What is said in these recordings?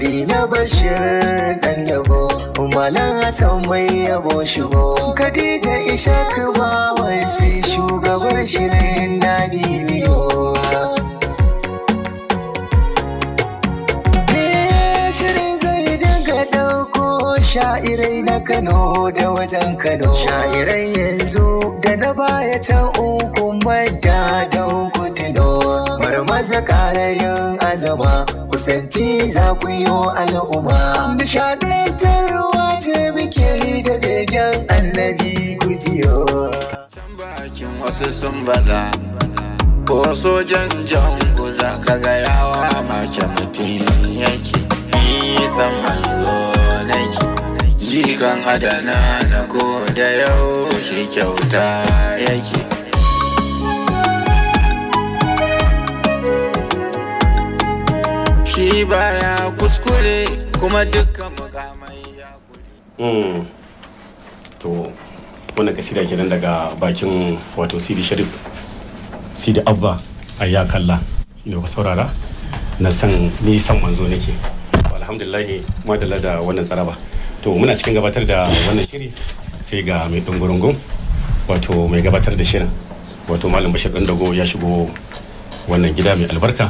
Sabi na bashir dan yabo Malam Hassan mai yabo shigo Khadija Ishaq ba wai sai shugabar shirin na bibiyo sha'irai na Kano da wajen Kano. Sha'irai yanzu da na baya can uku madda da ukutino. Marmaza karayin azama kusanci za ku yi al'umma. ruwa ce muke yi da begen annabi gujiyo. Can bakin wasu sun baza. Ko sojan jan guza ka ga yawa make mutum yake. Nisan manzo nake. jikan adana na ko da yau shi kyauta yake shi baya kuskure kuma dukkan mukamai ya kuri hmm. to wani sida kenan daga bakin wato sidi sharif sidi abba a ya kalla shi ne ku saurara na san ni san manzo nake alhamdulillah madalla da wannan tsaraba to muna cikin gabatar da wannan shiri sai ga mai dungurungun wato mai gabatar da shirin wato malam bashir dan dago ya shigo wannan gida mai albarka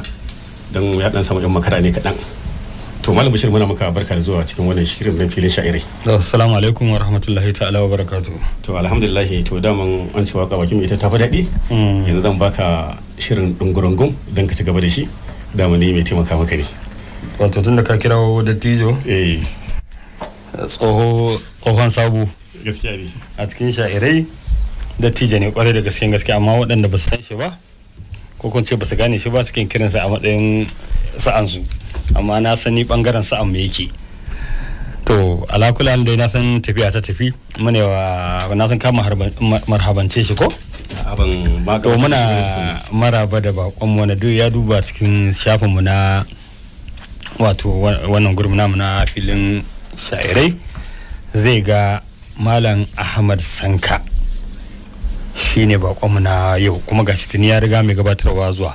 don ya dan samu yan makara ne kaɗan to malam bashir muna maka barka da zuwa cikin wannan shirin na filin sha'irai assalamu alaikum wa rahmatullahi ta'ala wa barakatu to alhamdulillah to daman an ci waka bakin ita ta fi daɗi mm. yanzu zan baka shirin dungurungun don ka ci gaba da shi dama ne mai taimaka maka ne wato tun da ka kirawo dattijo eh tsoho tsohon sabu a cikin sha'irai dattijo ne kwarai da gaske gaske amma waɗanda ba su san shi ba ko kun ce ba su gane shi ba suke kiransa a matsayin sa'ansu amma na sani bangaren sa'an mai yake to alakula dai na san tafiya ta tafi mune wa na san kama marhabance shi ko mm, to muna maraba da bakon wani duk ya duba cikin shafinmu na wato wannan gurbin namu na filin sha'irai zai ga malam ahmad sanka shi ne bakonmu na yau kuma gashi tuni ya riga mai gabatarwa zuwa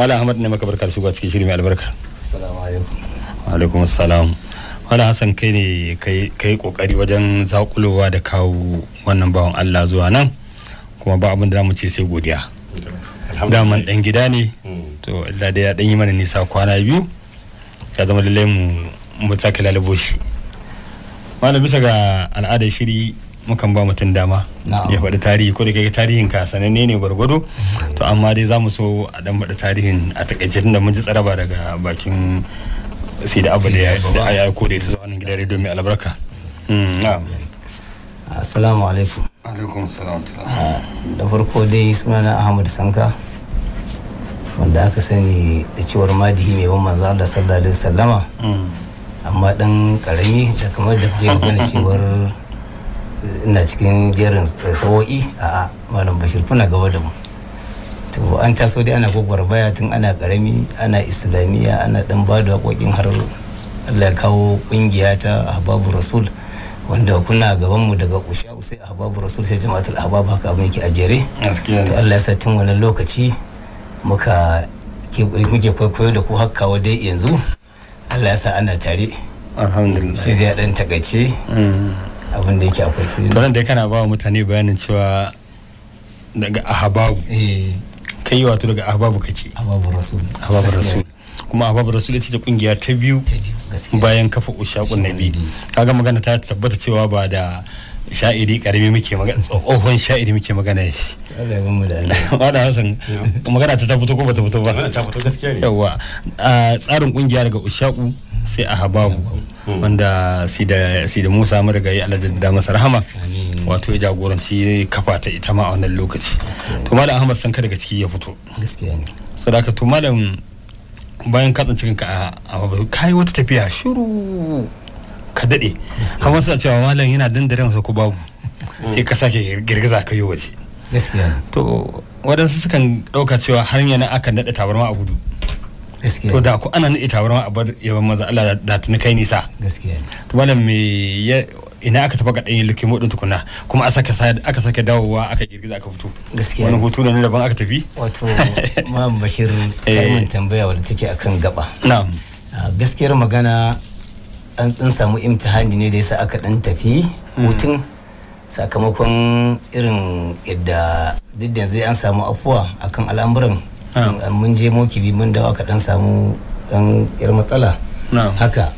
malam ahmad ne maka barkar shigo cikin shirin mai albarka alaikum alaikum assalam malam hassan kai ne kai kokari wajen zakulowa da kawo wannan bawan allah zuwa nan kuma ba abin da mu ce sai godiya daman dan gida ne hmm. to da ya dan yi mana nisa kwana biyu ya zama lallai mu mu sake lalubo shi malam bisa ga al'adar shiri mukan ba mutum dama ya faɗi tarihi ko da kai tarihin ka sananne ne gwargwado to amma dai za mu so a dan faɗi tarihin a takaice tunda mun ji tsaraba daga bakin sai da abu da ya aiko da ita zuwa nan gidare domin mai albarka mm, assalamu alaikum alaikum salam ah, da farko dai sunana ahmad sanka wanda aka sani da cewar madihi mai ban manzo Allah sallallahu alaihi wasallama mm. amma dan karami da kamar da zai magana cewar eh, ina cikin jerin eh, sawo'i a malam bashir kuna gaba da mu to an taso dai ana baya tun ana karami ana islamiyya ana dan ba da haƙoƙin har allah ya kawo ƙungiya ta ababu rasul wanda kuna gaban mu daga kusha sai ababu rasul sai jama'atul ahbab haka abin yake a jere to allah ya sa tun wani lokaci muka muke kwaikwayo da ku hakkawa dai yanzu Allah ya sa ana tare alhamdulillah sai dai dan tagace mm. abin da yake akwai sai to nan dai kana ba mutane bayanin cewa daga ahababu eh. kai yi wato daga ahababu kake ahababu rasul ahababu rasul kuma ahababu rasul ita ce kungiya ta biyu bayan kafa ushaqun nabi kaga magana ta tabbata cewa ba da sha'iri karami muke magana tsohon sha'iri muke magana shi da hasan magana ta fito ko ba ta fito ba yawa tsarin kungiya daga ushaku sai a habahu hmm. wanda si da musa yi aladin da masa rahama wato ya jagoranci kafa ta ita ma a wannan lokaci to malam ahmad sanka daga ciki ya fito so da to malam bayan katsin cikin ka a kai wata tafiya shiru ka daɗe wasu a cewa malam yana dandaren su ko babu mm. sai ka sake girgiza ka yi waje to waɗansu sukan ɗauka cewa har yana aka daɗa tabarma a gudu to da ku ana naɗe tabarma a bar yawan maza Allah da tuni kai nisa to malam me ya ina aka tafi kaɗan yin lukin waɗin tukuna kuma aka sake dawowa aka girgiza aka fito wani hutu na daban aka tafi wato ma'am bashir eh. karmin tambaya wadda take akan gaba ah, gaskiyar magana an dan samu imtihani ne da ya sa aka dan tafi hmm. hutun sakamakon irin yadda duk da an samu afuwa akan al'amuran ah. Ah, mun je mokibi mun dawo aka dan samu dan yar matsala haka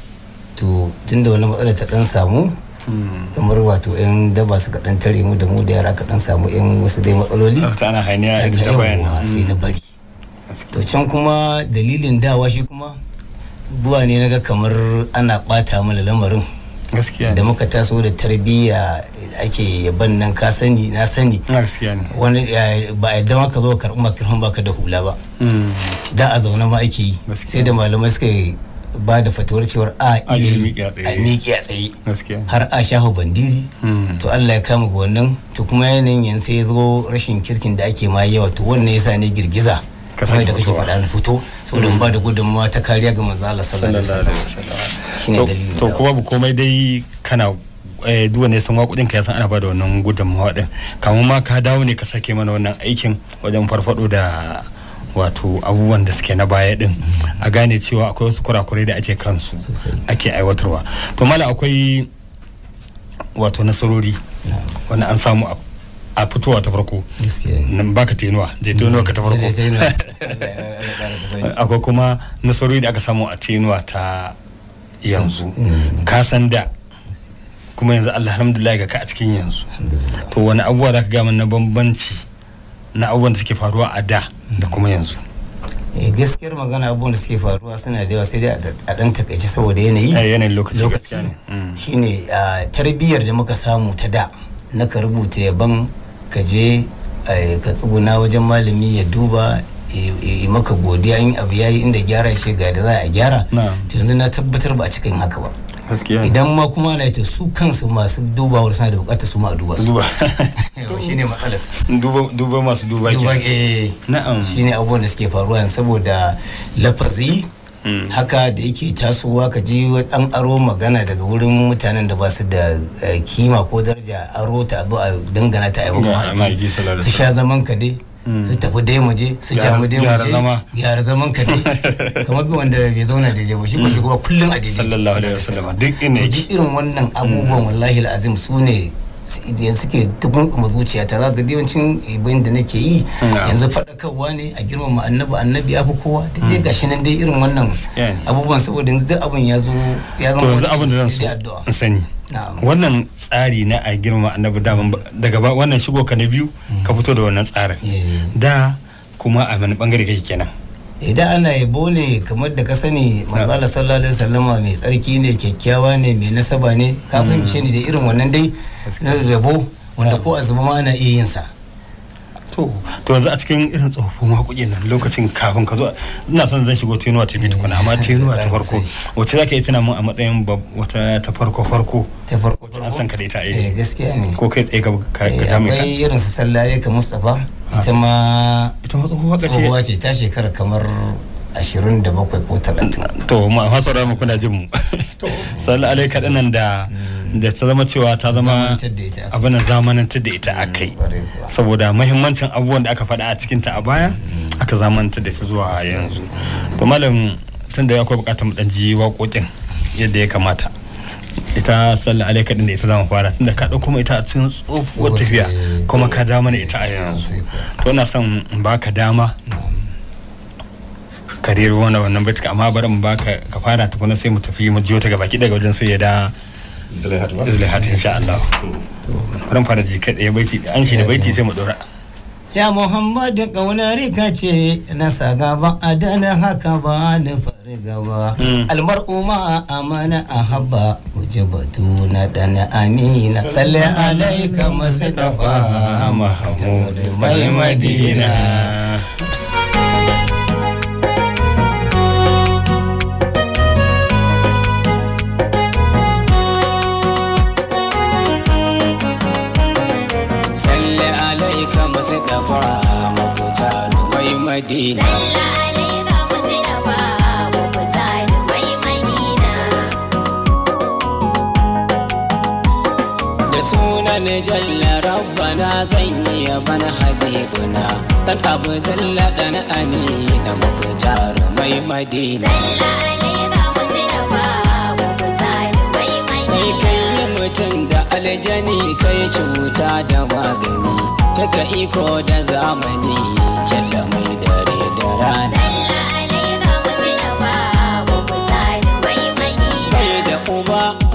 to tun da wani matsala ta dan samu hmm. kamar wato yan daba suka dan tare mu da mu da yara ka dan samu yan wasu dai matsaloli ana hanya sai na bari hmm. to can kuma dalilin dawa shi kuma zuwa ne naga kamar ana bata mana lamarin da muka taso da tarbiyya ake yaban nan ka sani na sani ah, wani ba a yadda maka zo karɓi makarfin baka da hula ba hmm. da a zaune ma ake yi sai da malamai suka ba da fatuwar cewar a iya a miƙi a tsaye har a shafa bandiri hmm. to Allah ya kama ga wannan to kuma yanayin yanzu sai zo rashin kirkin da ake ma yawa to wannan sa ne girgiza kamar da kake faɗa na fito saboda ba da gudunmawa ta kariya ga manzo Allah sallallahu alaihi wasallam shine dalilin to kuma bu komai dai kana eh, duk wanda ya san waƙoƙin ka ya san ana ba da wannan gudunmawa din kamar ma ka dawo ne ka sake mana wannan aikin wajen farfado da wato abubuwan da suke na baya din a gane cewa akwai wasu kurakurai da ake kansu ake aiwatarwa to mala akwai wato nasarori wani an samu a fitowa ta farko nan baka tenuwa zai tenuwa ka ta farko akwai kuma nasarori da aka samu a tenuwa ta yanzu mm. ka san da kuma yanzu Allah alhamdulillah ga ka a cikin yanzu to wani abubuwa za ka gama na bambanci na abubuwan da suke faruwa a da mm. da kuma yanzu eh, gaskiyar magana abubuwan da suke faruwa suna da yawa sai dai a dan takaice saboda yanayi eh, yanayin lokaci mm. shine ah, tarbiyyar da muka samu ta da naka rubuta yaban ka je eh, ka tsuguna wajen malami ya duba yi maka godiya in abu yayi inda gyara ce ga da za a gyara yanzu na tabbatar ba a cikin haka ba idan ma kuma na ta su kansu masu dubawar suna da bukatar su ma a duba su Duba. ne matsalas duba masu duba ke eh. na'am Shi ne abubuwan da suke faruwa saboda lafazi haka da yake tasowa ka ji an aro magana daga wurin mutanen da ba su da eh, kima ko daraja aro ta abu a dangana ta aiwa su sha zaman ka dai mm. su tafi dai mu je su ja mu dai mu je gyara zaman ka dai kamar bi wanda bai zauna daidai ba shi ko shi mm. kuma kullun a daidai sallallahu alaihi wasallam duk irin wannan abubuwan mm. wallahi alazim su ne yanzu suke tukun kuma zuciya ta za ga yawancin ibayin da nake yi yanzu faɗakarwa ne a girmama annabi annabi ya fi kowa duk dai hmm. gashi nan dai irin wannan abubuwan saboda yanzu duk abin ya zo ya zama yanzu abin da zan so sani wannan tsari na a girmama annabi daga wannan shigo ka na biyu ka hmm. fito da wannan tsarin da kuma a wani bangare kake kenan idan ana yabo ne kamar da ka sani manzala sallallahu alaihi mai tsarki ne kyakkyawa ne mai nasaba ne ka fahimce ni da irin wannan dai na rabo wanda ko azuma ma ana iya yin sa to to yanzu a cikin irin tsofaffin makuɗi nan lokacin kafin ka zo ina son zan shigo tenuwa ta biyu tukuna amma tenuwa ta farko wacce zaka yi tunanin a matsayin wata ta farko farko ta farko wacce an san ka da ita eh, eh gaskiya ne ko kai tsaye ga ka eh, ta mai akwai irin su Sallaye ka Mustafa ah. ita ma ita ma tsohuwa ce ta shekara kamar ashirin da bakwai ko talatin. to masu mu kuna jin mu sallu alai kaɗanan da mm. da ta zama cewa ta zama abin da zamanantar da ita aka yi mm, saboda mahimmancin abubuwan da aka faɗa a cikinta a baya mm. aka zamanantar da su zuwa yanzu to malam tun da ya kwa bukatar mu ɗan ji waƙoƙin yadda ya kamata ita sallu alai kaɗan da ita zama fara da ka dauko kuma ita a cikin tsohuwar tafiya kuma ka dama mana eh, ita a yanzu to ina son baka dama kariyar wana wannan baitika amma bari mu baka ka fara tukuna sai mu tafi mu jiyo ta gabaki daga wajen sai ya da zulaihat insha Allah bari mu fara ji kai ɗaya baiti an shi da baiti sai mu dora ya muhammadu kaunar ka ce na saga ba a haka ba ni farga ba hmm. almar'u amana a haba guje batu na dana amina salli alaika masu dafa mahamudu mai madina wasu dafa mafuta mai madina sallah alaika wasu dafa da sunan jalla rabbana zan yi yaban habibuna dan abdullah dan na muktar mai madina kai mutum da aljani kai cuta da magani daukaka iko da zamani jalla mai dare da rana uba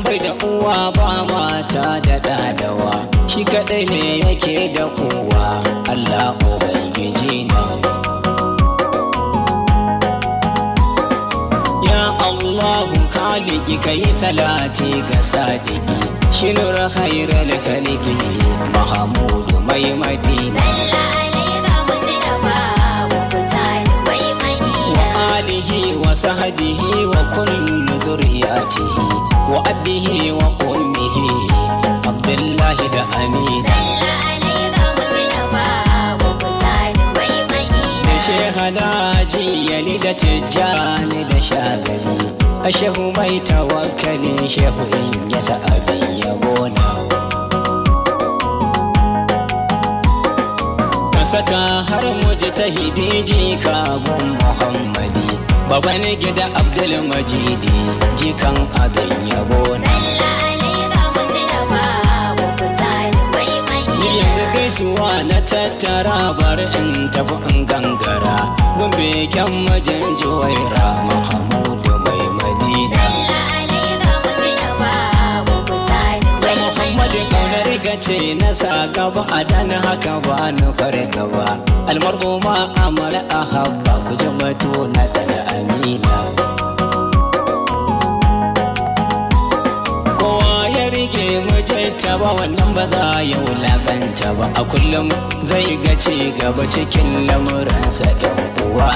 bai da uwa ba mata da dadawa shi kadai ne yake da kowa Allah ubangiji na maliki kai salati ga sadiki shinur khairal khaliki mahamudu mai madina alihi wa sahbihi wa kulli zurriyatihi wa abihi wa ummihi abdullahi da amin shehadaji yali da tijjani da shazari ashe shehu mai tawakkali shehu in ya sa'abi ya gona ka saka har muji ta hidiji kagun muhammadi baban gida abdul majidi jikan abin ya gona kasuwa na tattara bar in tafi in gangara gombe kyan majin juwaira muhammadu mai madina ce na sa gaba a dan haka ba ni kare gaba almar goma amal a habba ku jamato na tana amina halitta ba wannan ba za ya wulaganta ba a kullum zai ga ci gaba cikin lamuransa yan uwa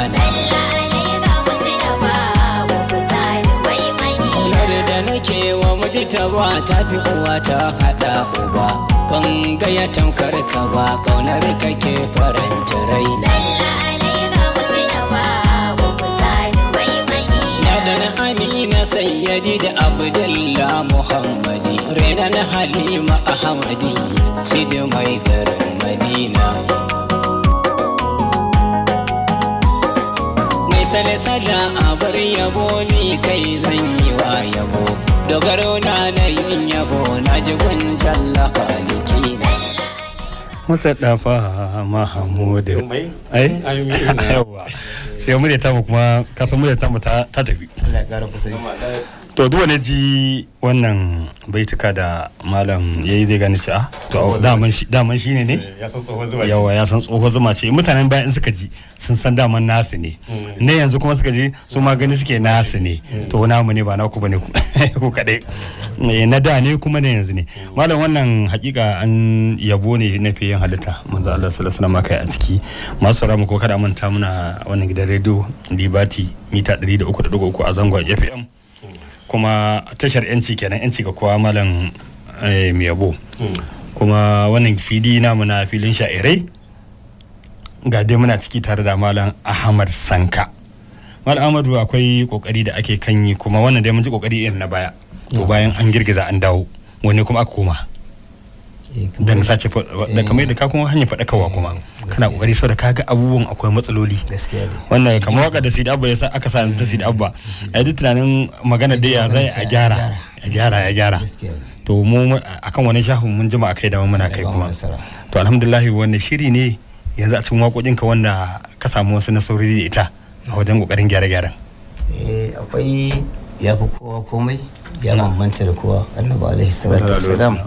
na da nake wa mujita ba ta fi uwa ta haɗa uba ban gaya tamkar ka ba ƙaunar kake faranta rai na da na amina sayyadi da abdullah muhammadi na halima ahmadi sidi mai garin madina mai sale salasala a bar yabo ni kai zan yi wa yabo dogaro na na yin yabo na ji gwanjan lakaliki Musa dafa Mahamudu. Ai? Yawa. Sai mu da tamu kuma kasan mu da tamu ta tafi. Allah ya ƙara kusanci. to duk wani ji wannan baituka da malam ya yi zai gani ci a daman shi ne ne eh, yawa ya san tsoho zuma ce mutanen bayan suka ji sun san daman nasu ne hmm. ne yanzu kuma suka ji su ma gani suke nasu ne hmm. to mu ne ba naku bane ku kadai eh, na da ne kuma ne yanzu ne hmm. malam wannan hakika an yabo ne na fiye halitta manzo Allah sallallahu alaihi wasallam kai a ciki masu mu ko kada manta muna wannan gidan rediyo libati mita 103.3 a zangon FM kuma tashar yanci kenan yanci ga kowa malam eh, mai yabo hmm. kuma wannan fili namu na filin sha'irai ga dai muna ciki tare da malam ahmad sanka malam ahmadu akwai kokari da ake kan yi kuma wannan dai mun ji kokari irin na baya to hmm. bayan an girgiza an dawo wani kuma aka koma Eh, da na sace da kamar da ka kuma hanyar faɗakarwa kuma kana kokari so da kaga abubuwan akwai matsaloli wannan kamar waka da sidi abba ya sa aka sa ta sidi abba a yi tunanin magana da ya zai a gyara a gyara a gyara to mu akan wani shafin mun jima akai da muna kai kuma to alhamdulillah wannan shiri ne yanzu a cikin ka wanda ka samu wasu nasarori da ita a wajen kokarin gyare-gyaren eh, akwai ya fi kowa komai ya bambanta da kowa annabi alaihi salatu wasalam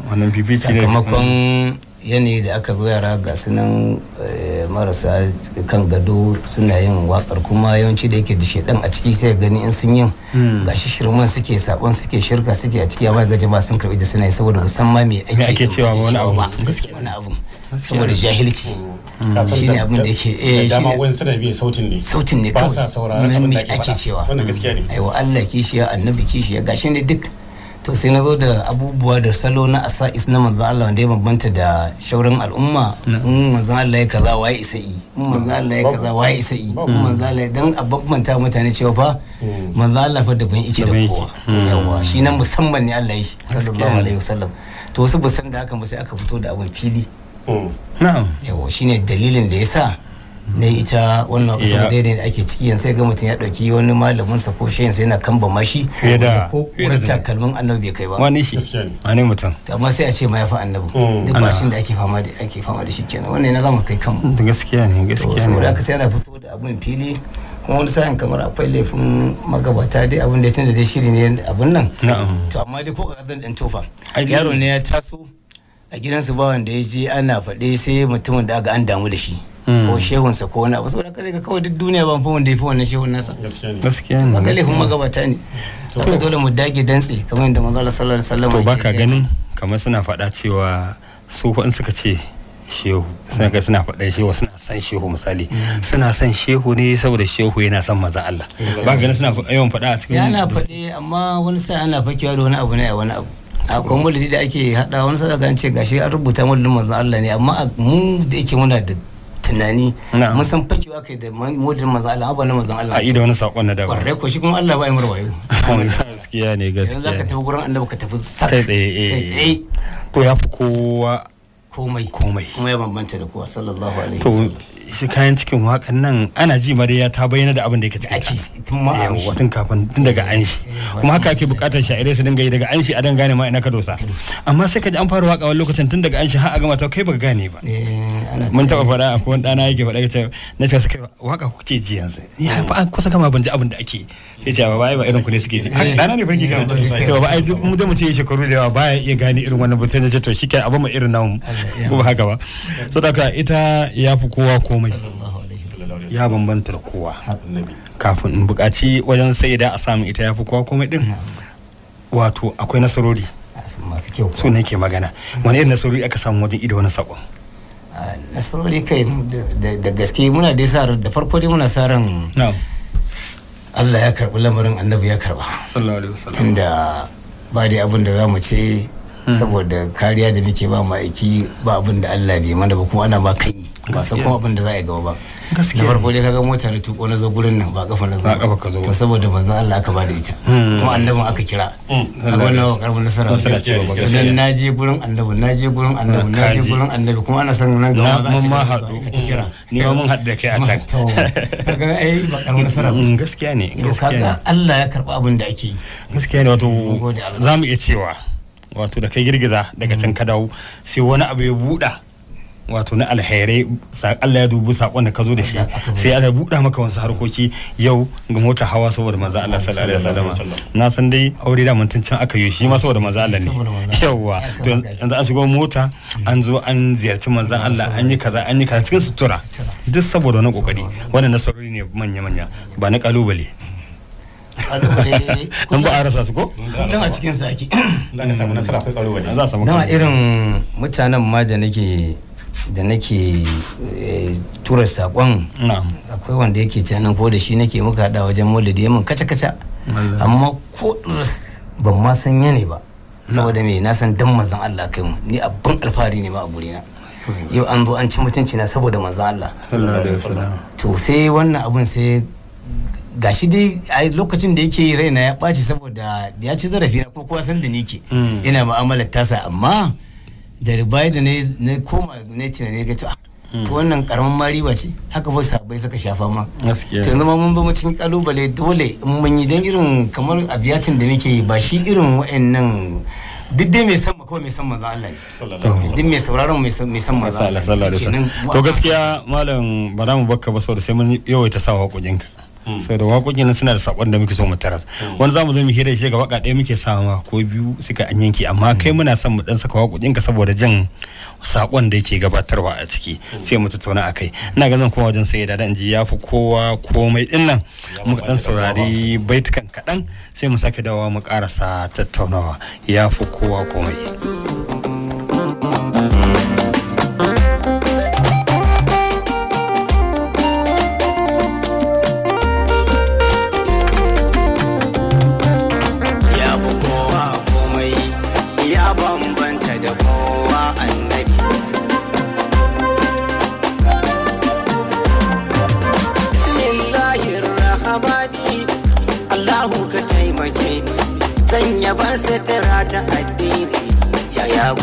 sakamakon yanayi da aka zo yara ga sunan eh, marasa kan gado suna yin wakar kuma yawanci da yake da dan a ciki sai gani in sun yin hmm. shi shirman suke sabon suke shirka suke a ciki amma ga jama'a sun karbi da suna yi saboda musamman me ake cewa wani abu wani abu saboda jahilci mm. Mm. shi ne abin da ke eh shi ne wani sanar biye sautin ne sautin ne kawai ba sa sauraron abin da ake cewa wannan mm. gaskiya ne aiwa Allah kishiya annabi kishiya gashi ne duk to sai na zo da abubuwa da salo na asa is na manzan Allah wanda ya bambanta da shaurin al'umma in manzan Allah ya kaza waye isa'i in manzan Allah ya kaza waye isa'i in manzan Allah dan a bambanta mutane cewa fa manzan Allah fa daban yake da kowa yawa shi nan musamman ne Allah ya shi sallallahu alaihi wasallam to wasu ba san da haka ba sai aka fito da abun fili Mm. na'am yawo shine dalilin da yasa na ita wannan usul da da ake ciki yanzu sai ga mutum ya dauki wani malamin sa ko shi sai yana kamba mashi da ko wurin takalmin annabi bai kai ba wani shi wani mutum amma sai a ce ma ya annabi mm. duk shin da ake fama da ake fama da shi kenan wannan na zamu kai da gaskiya ne gaskiya ne saboda haka sai ana fito da abin fili kuma wani sa'in kamar akwai laifin magabata dai abin da ya tunda dai shiri ne abin nan to amma dai ko ka zan dan tofa yaro ne ya taso a gidansu ba wanda ya je ana faɗe sai mutumin da aka an damu da shi ko hmm. shehunsa ko wani abu saboda ka kawai duk duniya ban fi wanda ya fi wannan shehun nasa gaskiya ne kaga laifin magabata ne to dole mu dage dantse kamar yadda manzo Allah sallallahu alaihi wasallam to baka ganin kamar suna faɗa cewa su in suka ce shehu suna ga suna faɗa shehu suna san shehu misali hmm. suna san shehu ne saboda shehu yana son maza Allah ba ganin suna yawan faɗa a cikin yana faɗe amma wani sai ana fakewa da wani abu ne a wani abu akwai maulidi da ake hada wani sadaka an ce gashi an rubuta da manzon Allah ne amma mu da yake muna da tunani mun san fakewa kai da maulidin manzon Allah abu na manzon Allah a ida wani sakon na daban kwarai ko shi kuma Allah ba ya murwayo gaskiya ne gaskiya yanzu zaka tafi gurin annabi ka tafi sar kai tsaye eh, eh. to ya fi kowa komai komai kuma ya bambanta da kowa sallallahu alaihi wasallam Isa kayan cikin wakan nan ana ji ya ta bayyana da abin da yake cikin tun tun kafin tun daga an shi kuma haka ake bukatar sha'irai su dinga yi daga an shi a dan gane ma ina ka dosa amma sai ka ji an fara waka wani lokacin tun daga an shi har a gama ta kai baka gane ba eh, mun taba fara a wani dana yake faɗa ta na ce waƙa waka kuke ji yanzu ya fa kusa kama ban ji abin da ake sai ce ba ba irin ku ne suke ji dana eh. ne farki eh, kan to ba ai mu da mu ce shekaru da yawa baya iya gane irin wannan ba sai na ce to shikenan abin mu irin namu ko ba haka ba saboda ita ya fi kowa ko komai ya bambanta da kowa kafin in bukaci wajen sai da a samu ita ya fi kowa komai din wato akwai nasarori masu kyau su ne ke magana wani irin nasarori aka samu wajen ido wani sakon nasarori kai da gaske muna dai sa da farko dai muna sa ran Allah ya karɓi lamarin annabi ya karɓa tunda ba dai abin da za mu ce hmm. saboda kariya da muke ba ma'aiki ba abin da Allah bai mana ba kuma ana ma kai. ba san kuma abin da za a yi gaba ba gaskiya na farko dai kaga mota na tuko na zo gurin nan ba kafa na zo ba kafa to saboda manzon Allah aka bada ita hmm. kuma annabin aka kira hmm. a wannan wa karbin nasara sannan na je gurin annabi na je gurin annabi na je gurin annabi kuma ana san nan gaba za a ci gaba ta kira hmm. ni ma mun haɗu kai a can kaga ai ba karbin nasara ba gaskiya ne kaga Allah ya karba abin da ake yi gaskiya ne wato zamu iya cewa wato da kai girgiza daga can ka dawo sai wani abu ya buɗa wato na alherai Allah ya dubu sakon da ka zo da shi sai Allah ya buɗa maka wasu harkoki yau ga mota hawa saboda manzo Allah sallallahu alaihi wasallam na san dai aure da mutuncin can aka yi shi ma saboda manzo Allah ne yawa to yanzu an shigo mota an zo an ziyarci manzo Allah an yi kaza an yi kaza cikin sutura duk saboda wani kokari wannan nasarori ne manya manya ba na kalubale an ba a rasa su ko? don a cikin saki za a samu nasara kalubale a irin mutanen ma da nake da nake eh, tura saƙon akwai wanda yake canan ko da shi nake muka haɗa wajen maulidi yamin kaca-kaca amma ko ban ma san yane ba saboda me na san dan manzon Allah kai mu ni abin alfahari ne ma a gurina yau an zo an ci mutunci na saboda manzon Allah to sai wannan abun sai gashi dai a lokacin da yake raina ya ɓaci saboda ya ci zarafi na ko kuwa san da ni ke mm. ina mu'amalar tasa amma da ribai da na koma na tunani ga to ah, hmm. to wannan karamin ma riba ce haka ba sabai suka shafa ma to yanzu ma mun zama cikin kalubale dole mun yi dan irin kamar abiyatin da nake yi ba shi irin wa'annan duk dai mai san kawai mai san manzo Allah ne duk mai sauraron mai san manzo Allah to gaskiya malam ba mu bakka ba saboda sai mun yawaita sa kujinka Mm. da waƙoƙin nan suna da sakon da muke so mu taras mm. wani zamu zo mu hira shi ga waka ɗaya muke sama ko biyu suka an yanke amma kai mm. muna son mu dan saka waƙoƙin ka saboda jin sakon da yake gabatarwa a ciki sai mu tattauna akai ina ga zan kuma wajen sai da dan ji yafi kowa komai din nan muka dan saurari baitukan kaɗan sai mu sake dawowa mu karasa tattaunawa yafi kowa komai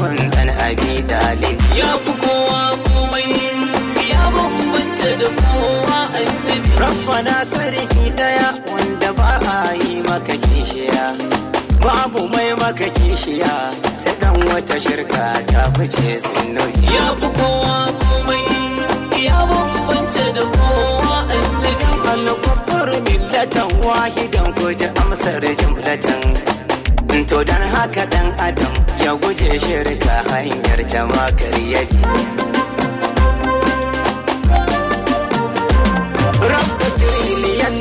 Usman dan Abi Dalib ya fi kowa komai ya bambanta da kowa annabi Rabbana sarki daya wanda ba a yi maka kishiya babu mai maka kishiya sai dan wata shirka ta fice zinno ya fi kowa komai ya bambanta da kowa annabi Al-Qur'an millatan wahidan ko ji amsar jumlatan to dan haka dan adam ya guje shirka hanyar ta makar yabi rabba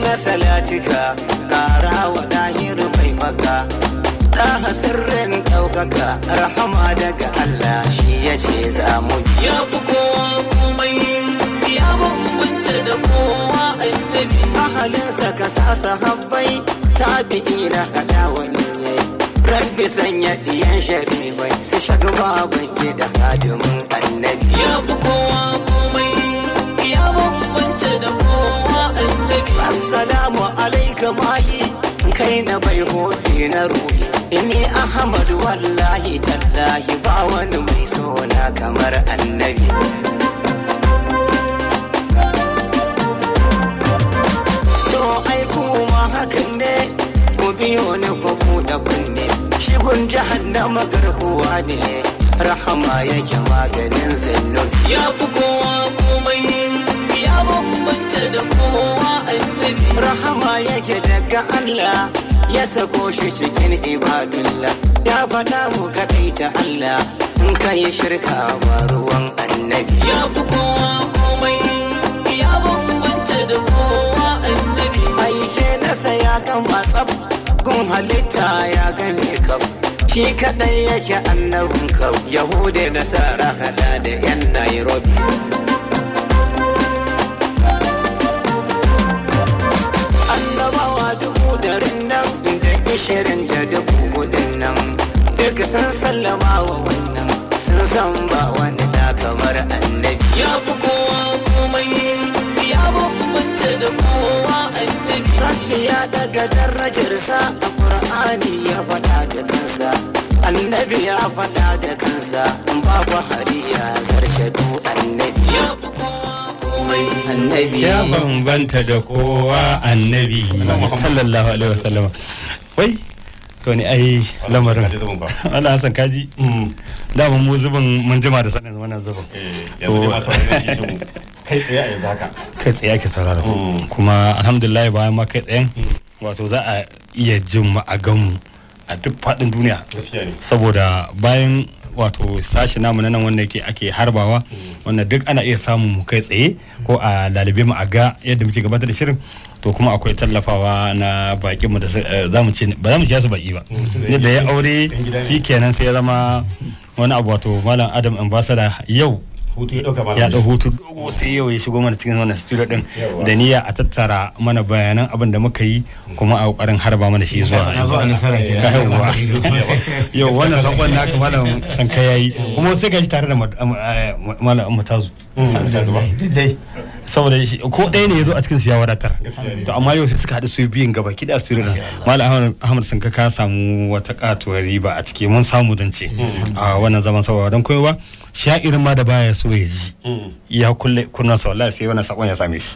na salatika kara wa dahiru mai maka ɗaha sirrin ɗaukaka rahama daga Allah shi ya ce za mu ya fi kowa komai ya bambanta da kowa annabi ahalinsa ka sa sahabbai na hada wani yayi rabbi sanya iyan sharifai su shaga babin gida hadimin annabi ya fi kowa komai ya bambanta da kowa annabi assalamu alaika ayi! kai na bai hoɗe na ruhi ini ahmad wallahi tallahi ba wani mai sona kamar annabi to ai kuma hakan ne ku biyo ni ku buɗe kunne shigun jahannama garkuwa ne rahama yake maganin zunubi ya fi kowa komai ya bambanta da kowa annabi rahama yake daga Allah ya sako shi cikin ibadullah ya faɗa mu kaɗai ta Allah in ka yi shirka ba ruwan annabi ya fi kowa komai ya bambanta da kowa aike na saya kan whatsapp gun halitta ya gane kam. shi kaɗai yake annabin kau yahude sara hada da yan nairobi annabawa dubu darin nan da ishirin da dubu hudun nan duka sun sallama wa wannan sun san ba wani da kamar annabi ya fi kowa komai ya bambanta da kowa Rabbi ya daga darajarsa a kur'ani ya faɗa da kansa Annabi ya faɗa da kansa babu hariya zarshadu annabi ya annabi ya bambanta da kowa annabi sallallahu alaihi wasallam wai to ne ai lamarin wala hasan kaji mm. da mu zubin mun jima da sanin wannan zubin eh, yanzu ma kai tsaye a yanzu haka kai tsaye ake saurara mm. kuma alhamdulillah bayan ma kai tsayen mm. wato za a iya jin mu a gamu a duk faɗin duniya saboda bayan wato sashi namu na nan wanda yake ake harbawa wanda duk ana iya samun mu kai tsaye ko a lalibe mu a ga yadda muke gabatar da shirin to kuma akwai tallafawa na bakin mu da eh, za mu ce ba za mu su baki ba mm, ne da ya aure shi kenan sai ya zama wani abu wato malam adam ambassador yau hutu ya dauka ya dau hutu dogo sai yau ya shigo mana cikin wannan studio din da niyya a tattara mana bayanan abin da muka yi kuma a kokarin harba mana shi zuwa yanzu a nasara kenan yau wannan sakon da aka malam san kai yayi kuma sai ji tare da eh, malam mutazu mm, saboda ko ɗaya ne ya zo a cikin siya ya wadatar to amma yau sai suka haɗu su biyun gaba kiɗa su rina malam ahmad sun ka samu wata katuwar riba a ciki mun samu zance mm. a wannan zaman saboda don koyowa sha'irin ma da baya so ya ji mm. ya kulle kunna sa wallahi sai wannan sakon ya same shi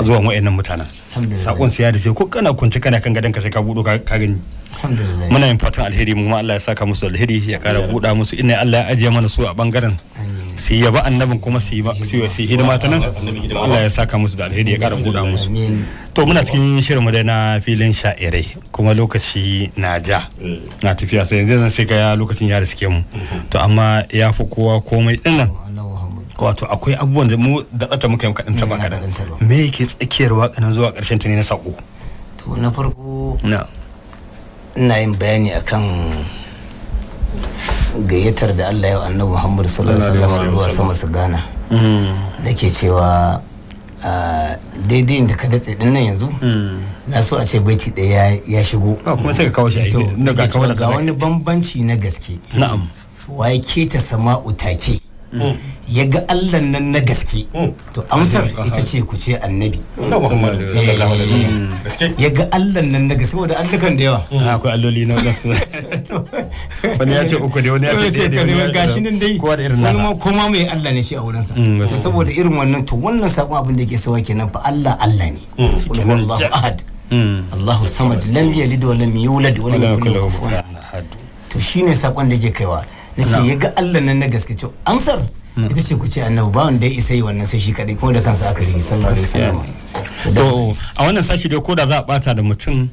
zuwa wa'annan mutanen sakon sai ya dace ko kana kunci kana kan gadon ka sai ka budo ka gani muna yin fatan alheri mu Allah ya saka musu alheri ya kara buɗa musu ina Allah ya ajiye mana su a bangaren su yi ba annabin kuma su yi hidima ta nan Allah ya saka musu da alheri ya kara buɗa musu to muna cikin shirin mu dai na filin sha'irai kuma lokaci na ja eh. na tafiya sai yanzu sai ga lokacin ya riske mu mhm. to amma ya fi kowa komai dinnan wato akwai abubuwan da mu da tsata muka yi kaɗan taba kaɗan me yake tsakiyar waƙa nan zuwa ƙarshen ta ne na saƙo to na farko ina yin bayani akan gayyatar da Allah ya annabi Muhammad sallallahu alaihi wasallam sama su gana da mm. ke cewa daidai da ka datse din nan yanzu mm. na so a ce baiti ɗaya ya shigo ah, kuma sai ka kawo shi ga wani bambanci na gaske na'am waye ke ta sama'u take Mm. ya ga allan nan na gaske mm. to amsar ita ce ku ce annabi eh. ya ga allan nan na gaske saboda allukan da yawa mm. ah, akwai alloli na gasu wani ya ce uku ne wani ya ce ɗaya ne gashi nan dai wani ma koma mai Allah ne shi a wurinsa to saboda irin wannan to wannan sakon abin da ke sawa kenan fa Allah Allah ne wallahu ahad Allahu samad lam yalid wa lam yulad wa lam yakul lahu kufuwan ahad to shine sakon da yake kaiwa na ce ya ga Allah nan na gaske ce amsar ita ce ku ce annabi ba wanda ya isa yi wannan sai shi kadai kuma da kansa aka rigi sallallahu alaihi to a wannan sashi dai ko da za a bata da mutum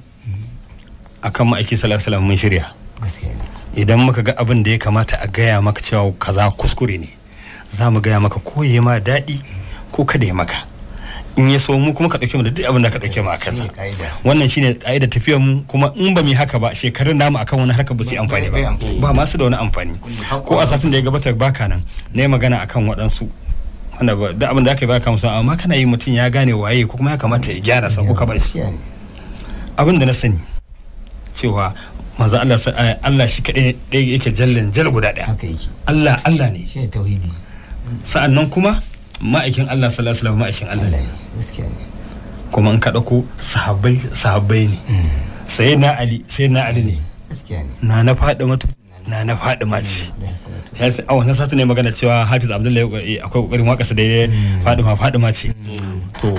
akan ma'aiki sallallahu alaihi wasallam mun shirya idan muka ga abin da ya kamata a gaya maka cewa kaza kuskure ne za mu gaya maka ko ya ma daɗi ko kada ya maka in ya so mu kuma ka dauke mu da duk abin da ka dauke mu a kansa wannan shine kaida tafiyar mu kuma in ba mu haka ba shekarun namu akan wani harkar ba su amfani ba ba masu da wani amfani ko asasin da ya gabatar baka nan ne magana akan waɗansu wanda ba duk abin da aka yi baka musu amma kana yi mutum ya gane waye ko kuma ya kamata ya gyara sa ko ka bar shi abin da na sani cewa manzo Allah eh, Allah shi kadai yake jallan jal guda ɗaya. Allah Allah ne shi tauhidi sa'annan kuma ma'aikin Allah sallallahu alaihi ma'aikin Allah ne kuma an kaɗa ko sahabbai sahabbai ne mm. sai na Ali sai na Ali ne na na faɗi mutu na na faɗi mace a wannan sati ne magana cewa Hafiz Abdullahi eh, akwai kokarin waƙarsa da ya mm. faɗi ma faɗi mace mm. to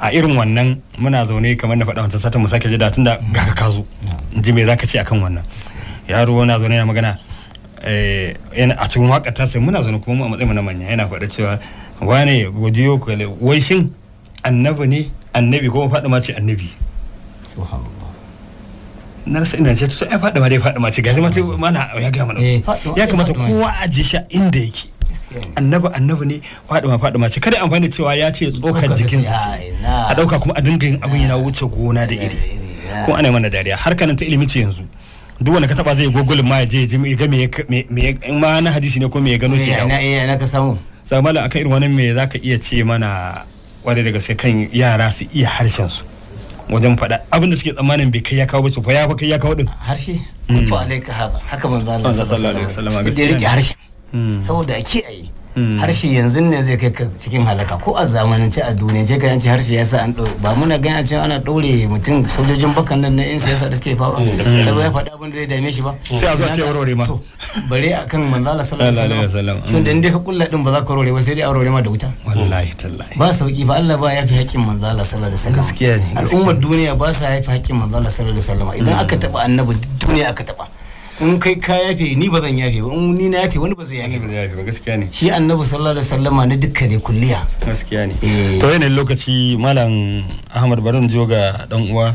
a irin wannan muna zaune kamar na faɗa wancan satin mu sake jida tunda ga ka zo ji me zaka ce akan wannan yaro na zaune yana magana eh, a cikin waƙar ta sai muna zaune kuma mu a matsayin na manya yana faɗa cewa wane godiyo kwale wai shin annabi ne annabi kuma fadima ce annabi na rasa ina ce to ai fadima dai fadima ce gashi mata mana ya ga mana eh, ya kamata kowa a ji shi inda yake annabi annabi ne fadima fadima ce kada amfani da cewa ya ce tsokar jikin a dauka kuma a dinga yin abin yana wuce gona da iri kuma ana mana dariya harkar ta ilimi ce yanzu duk wanda ka taba zai google ma ya je ya ga me me in ma na hadisi ne ko me ya gano shi na na ka samu zamala akan irin wani me za ka iya ce mana wani daga sai kan yara su iya harshen su wajen faɗa abinda suke tsammanin bai kai ya kawo bace fa ya fa kai ya kawo din harshe hmm. fa alaika haka haka manzo Allah sallallahu alaihi wasallam ga da harshe hmm. saboda a kiyaye Hmm. harshe yanzu ne zai kai cikin halaka ko a zamanance a duniyance ka yanci harshe yasa an ɗau ba muna gani cewa ana ɗaure mutum sojojin bakan nan na yan siyasa da suke fawa da hmm. zai hmm. faɗa abin da zai dame shi ba sai a zo ce warware ma to bare akan manzala sallallahu alaihi wasallam shin da inda ka kulla din ba za ka warware ba sai dai a warware ma da wuta wallahi tallahi ba sauki ba Allah ba ya fi haƙƙin manzala sallallahu alaihi wasallam gaskiya ne al'ummar duniya ba sa ya fi haƙƙin manzala sallallahu alaihi wasallam idan aka taba annabi duniya aka taba in kai ka yafe ni ba zan yafe ba in ni na yafe wani ba zai yafe ba gaskiya ne shi annabi sallallahu alaihi wasallama na dukkan ne kulliya gaskiya ne eh. to yana lokaci malam ahmad barin Joga dan uwa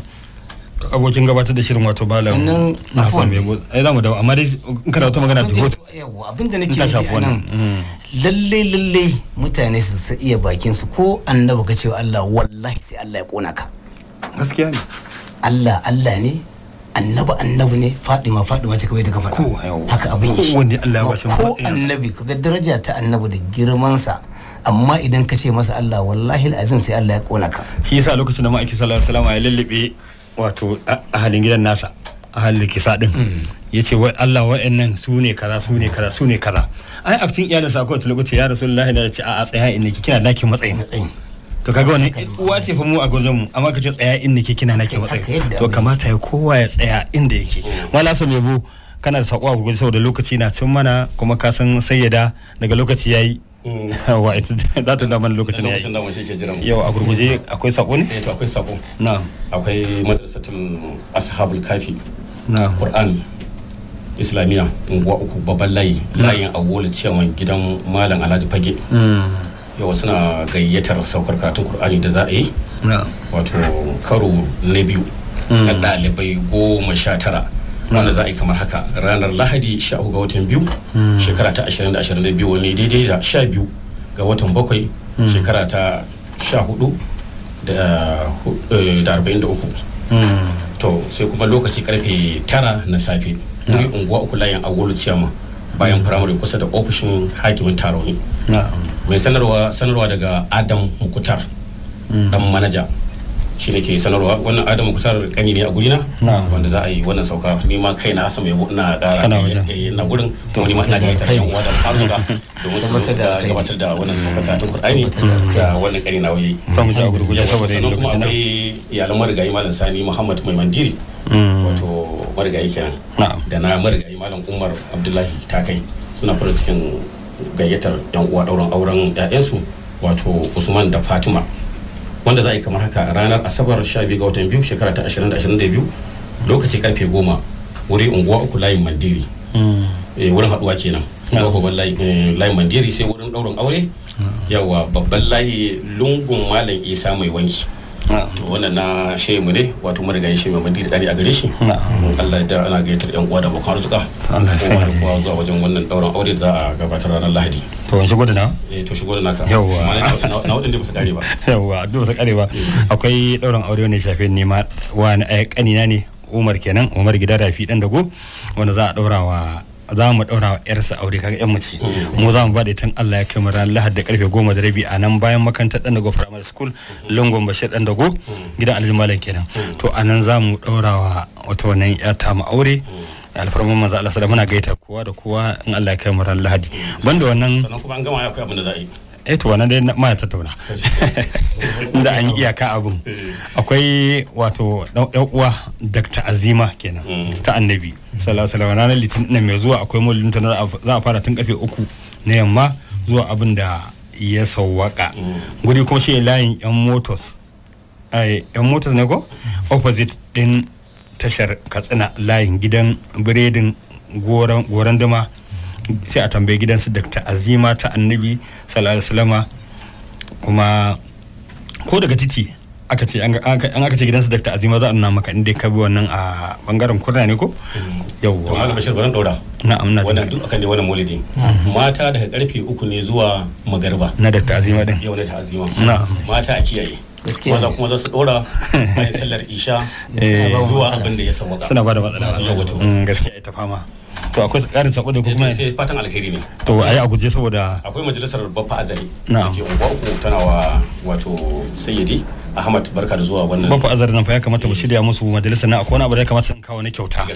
abokin gabatar da shirin wato malam sannan na afwan ai zamu da amma dai kana wata magana jibo yawa abinda nake yi nan mm. lalle lalle mutane su iya bakin su ko annabi ka cewa Allah wallahi sai Allah ya kona ka gaskiya ne Allah Allah ne annabi annabi ne fadima fadima ce kawai daga fada haka abin yi ko annabi kaga daraja ta annabi da girman sa. amma idan ka ce masa Allah wallahi azim sai Allah ya kona ka shi yasa lokacin da ma'aiki sallallahu alaihi wasallam ya lallabe wato ahalin gidan nasa ahalin kisa din hmm. yace wai Allah wa'annan su ne kaza su ne kaza su ne kaza ai a iyalin sa ko ta lokaci ya rasulullahi da ce a tsaya inda kina naki matsayin matsayin to kaga wani uwa ce fa mu a gurin mu amma kace tsaya inda ke kina nake matsayi to kamata ya kowa ya tsaya inda yake mala sam yabo kana da sako a gurin saboda lokaci na cin mana kuma ka san sayyada daga lokaci yayi mm. wa ita za ta damar lokacin da lokacin da mun shike jiran yau a gurguje akwai sako ne eh, to akwai sako na'am akwai madrasatul ashabul kafi na'am qur'an islamiya unguwa uku babban layi layin awola ciyawan gidan malam alhaji fage mm. yau suna gayyatar saukar karatun kur'ani da za a yi wato karo na biyu na mm. ɗalibai goma sha tara wanda za a yi kamar haka ranar lahadi sha ga watan biyu mm. shekara ta ashirin da ashirin da biyu wani daidai da sha biyu ga watan bakwai mm. shekara ta sha hudu da eh, arba'in da uku to sai kuma lokaci karfe tara na safe wuri unguwa uku layin agolo ciyama bayan firamare kusa da ofishin hakimin taro ne mai sanarwa sanarwa daga adam mukutar mm. dan manaja shi ne ke sanarwa wannan adam mukutar kani ne a guri na wanda za a yi wannan sauka ni ma kai na asa mai na kara eh, eh, na gurin wani ma ina gaita yan uwa da faruka domin su da gabatar da wannan sauka ta tun kudani da wannan kani na waye sannan kuma akwai iyalan marigayi malam sani muhammad mai mandiri mm. wato marigayi kenan da na marigayi malam umar abdullahi ta kai suna fara cikin gayyatar yan uwa dauran auren 'ya'yansu wato usman da fatima wanda za a yi kamar haka ranar asabar 12 ga watan biyu shekara ta 2022 lokaci karfe 10 wuri unguwa uku layin mandiri hmm. eh, wurin haɗuwa kenan babban eh, layin mandiri sai wurin ɗaurin aure yawa babban layi lungun malam isa mai wanki to wannan na shehi mu ne wato mu riga shehi mu da dani a gare shi hmm. Allah ya da ana gaitar yan uwa da abokan arzuka Allah ya sa kowa zuwa wajen wannan dauran aure da za a gabatar ranar Lahadi to in shigo da na eh to shigo da ka. yawa na wadin da ba su kare ba yawa duk ba su kare ba eh. akwai dauran aure ne shafe ne ma wani kanina eh, ne Umar kenan Umar gida rafi dan dago wanda za a daura wa za mu daura wa yarsa aure kaga yan mace mu za mu bada tun Allah ya kai mu ran Lahadi da karfe 10 da rabi a nan bayan makarantar dan dago primary school Lungon Bashir dan dago gidan aljimalan Malam kenan to a nan za mu daura wa wata wannan ya ta mu aure Alfarma manzo Allah sallama alaihi gaita kowa da kowa in Allah ya kai mu ran Lahadi banda wannan sannan kuma an gama ya abin za yi eh to wannan dai ma tattauna inda an iyaka abin eh. akwai wato dan uwa Dr. Azima kenan mm. ta Annabi sallallahu alaihi wasallam ranar litinin mai zuwa akwai maulidin ta za a fara tun kafe uku na yamma zuwa abin da ya sauwaka mm. guri kuma shi layin yan motors ai yan motors ne ko mm. opposite din tashar Katsina layin gidan biredin goran dama sai a tambayi gidansu da azima ta annabi salama. kuma ko daga titi aka ce an aka ce gidansu da azima za a nuna maka inda ka bi wannan a bangaren kurna ne ko eh. yawwa to malam bashir bari daura na'am na wannan duk akan ne wannan maulidi mata daga karfe uku ne zuwa magarba na da azima din yau na ta azima na'am mata a kiyaye maza kuma za su dora bayan sallar isha eh. zuwa abin da ya sawaka suna ba da matsala mm, gaskiya ita fama to akwai karin sako da kuma eh, sai fatan alheri ne to ayi a guje saboda akwai majalisar babba azali na ke unguwa uku tana wa wato sayyidi Ahmad barka da zuwa wannan. Babu azar nan fa ya kamata mu shirya musu majalisa na akwai wani abu da ya kamata sun kawo ne kyauta.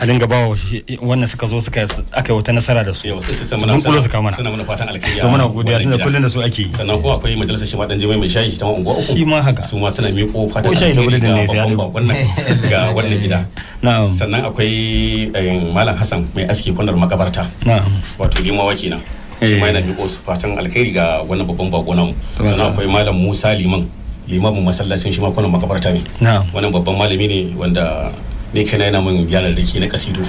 A dinga ba wannan suka zo suka aka yi wata nasara da su. Mun kulo su kama. Suna mana fatan alkhairi. To muna godiya tunda kullun da su ake yi. Sannan kuma akwai majalisar shi ma dan jimai mai shayi ta unguwa uku. Shi ma haka. Su ma suna miƙo fatan. Ko shayi da gudun ne sai wannan ga wannan gida. Na'am. Sannan akwai eh, Malam Hassan mai aski kwanar makabarta. Na'am. Wato limawa kenan. Shi ma yana miƙo su fatan alkhairi ga wannan babban bako namu. Sannan akwai Malam Musa Liman. limamin masallacin shi ma makabarta ne wannan babban malami ne wanda ne kai na yana min yanar da ke na kasidu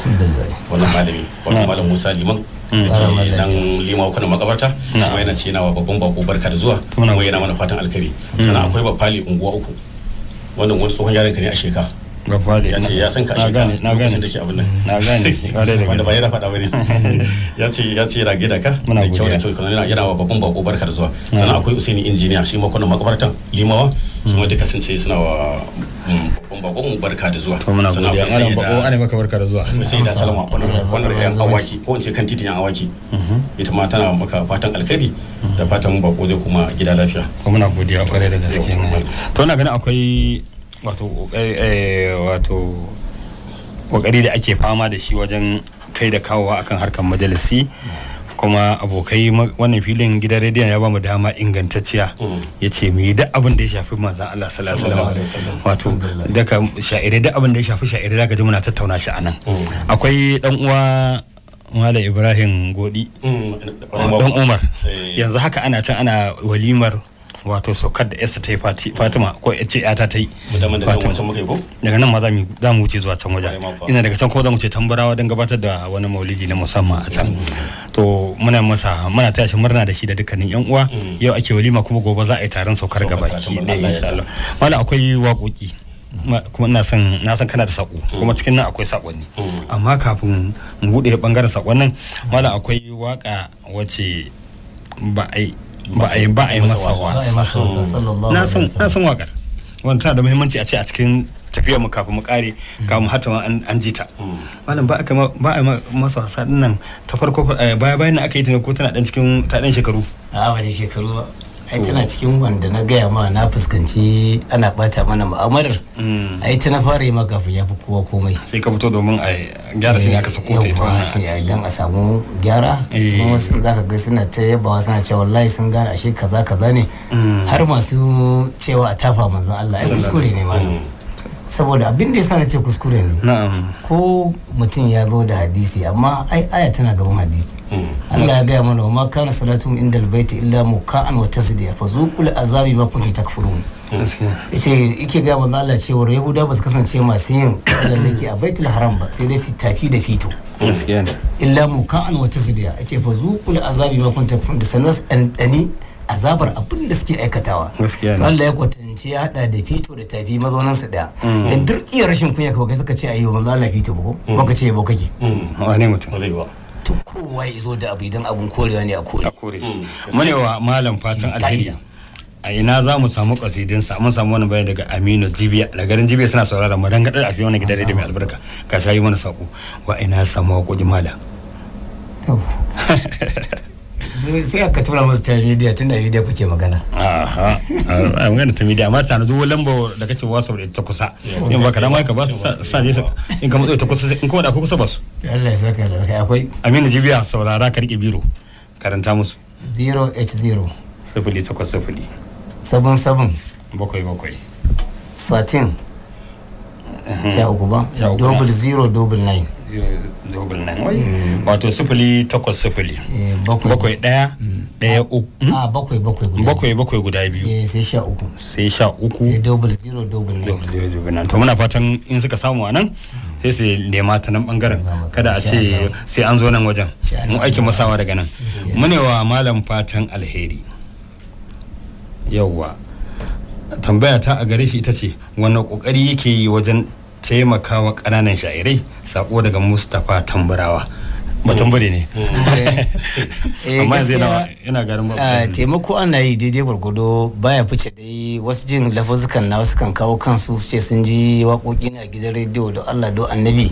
wannan malami wannan malam musa liman mm. dan lima kwanan makabarta kuma yana ce wa babban bako barka da zuwa kuma yana mana fatan alkhairi sana mm. akwai babbali unguwa uku wannan wani tsohon yaron ka ne a sheka. ga fari ya ce ya san ka shiga na gane da ke abin nan na gane kare da wanda ba yana faɗa bane ya ce ya ce rage da ka da kyau da kyau yana yana wa babban bako barkar zuwa sannan akwai Usaini injiniya shi ma kuna makabartan limawa hmm. su ma duka sun ce suna wa mm, babban bako mu barka da zuwa to muna godiya ana bako ana maka barka da zuwa sai da salama kwanar kwanar yan awaki ko ince kan titin yan awaki mhm. ita ma tana maka fatan alkhairi da mhm. fatan bako zai kuma gida lafiya to muna godiya kwarai da gaske to na ganin akwai wato eh, eh, wato kokari da ake fama da shi wajen kai da kawowa akan harkar majalisi kuma abokai wannan filin gidan rediyon ya bamu dama ingantacciya mm. ya ce mu yi duk abin da ya shafi manzan Allah sallallahu alaihi wasallam wato daga sha'irai duk abin da ya shafi sha'irai zaka ji muna tattauna shi anan mm. akwai dan uwa Mala Ibrahim Godi mm. dan Umar eh. yanzu haka ana can ana walimar wato saukar da yasa ta yi fatima ko ya ce yata ta yi daga nan ma za mu wuce zuwa can waje ina daga can kuma za mu ce tambarawa don gabatar da wani maulidi na musamman a can to muna masa muna taya shi murna da shi da dukkanin yan uwa mm. yau ake walima kuma gobe za a yi taron saukar gaba ki ne akwai waƙoƙi kuma na san na san kana da sako mm. kuma cikin nan akwai sakonni mm. amma kafin mu bude bangaren sakon nan mala akwai waka wace ba ai ba a yi masa wasa na san wakar wanda tana da muhimmanci a ce a cikin tafiyar mu kafin mu kare kafin hatta ma an ji ta malam ba aka ba a masa wasa dinnan ta farko eh, baya bayan aka yi tunan ko tana dan cikin ta dan shekaru a wajen shekaru ba ai tana cikin wanda na gaya ma na fuskanci ana bata mana mu'amalar mm. ai tana fara yi ma kafin ya fi kowa komai sai ka fito domin a gyara shi aka sako ta ita wannan dan a samu gyara eh. kuma sun ka ga suna ta yabawa suna cewa wallahi sun gane ashe kaza kaza ne mm. har masu cewa a tafa manzon Allah ai kuskure ne malam saboda abin da ya sa na ce kuskure ne ko mutum ya zo da hadisi amma ai aya tana gaban hadisi hmm. Allah ya gaya mana ma kana salatum inda albayti illa muka'an wa tasdiya fa zuqul azabi ma kuntum takfurun yace yake ga manzo Allah cewa yahuda ba su kasance masu yin sallallaki a baitul haram ba sai dai su tafi da fito illa muka'an wa tasdiya yace fa zuqul azabi ma kuntum takfurun da sanas an dani azabar abin da suke aikatawa to Allah ya kwatance ya hada da fito da tafi mazaunan su daya in mm. duk iya rashin kunya ka kai suka ce ayyo manzo Allah fito ba ko mm. ka ce ba kake mm. wane mutum to kowa ya zo da abu idan abun korewa ne a kore a kore munewa malam fatan alheri a ina za mu samu sa mun samu wani bayani daga aminu jibiya daga garin jibiya suna saurara mu dan a sai wani gidan rediyo mai albarka ka shayi mana sako wa ina samu waƙoƙi malam sai aka tura musu ta media tun da media kuke magana aha a ah, magana ta media amma tana zuwa lamba da kake wasa da ta kusa in ba kadan ka ba sa je in ka matsayi ta kusa in kuma da kusa ba su Allah ya saka da kai akwai Aminu Jibiya saurara ka rike biro karanta musu 080 sifili takwas sifili sabon sabon bakwai bakwai satin mhm. sha uku ba double zero double nine zobel nan mm. wato sufuli takwas sufuli eh, bakwai daya mm. ɗaya uku hmm? ah, bakwai bakwai guda bakwai bakwai guda biyu eh, sai sha uku sai sha uku sai double zero double nine double zero double nine to muna fatan in suka samu a nan sai su nema ta nan bangaren kada a ce sai an zo nan wajen mu aiki masawa daga nan munewa malam fatan alheri yawwa tambaya ta a gare shi ita ce wani kokari yake yi wajen taimakawa ƙananan sha'irai sako daga mustapha tamburawa Ba tambari ne eh, eh, amma yanzu yana garin ba eh, taimako ana yi daidai gwargwado baya fice dai wasu jin lafazukan na wasu kan kawo kansu su ce sun ji waƙoƙi na gidan rediyo da Allah do annabi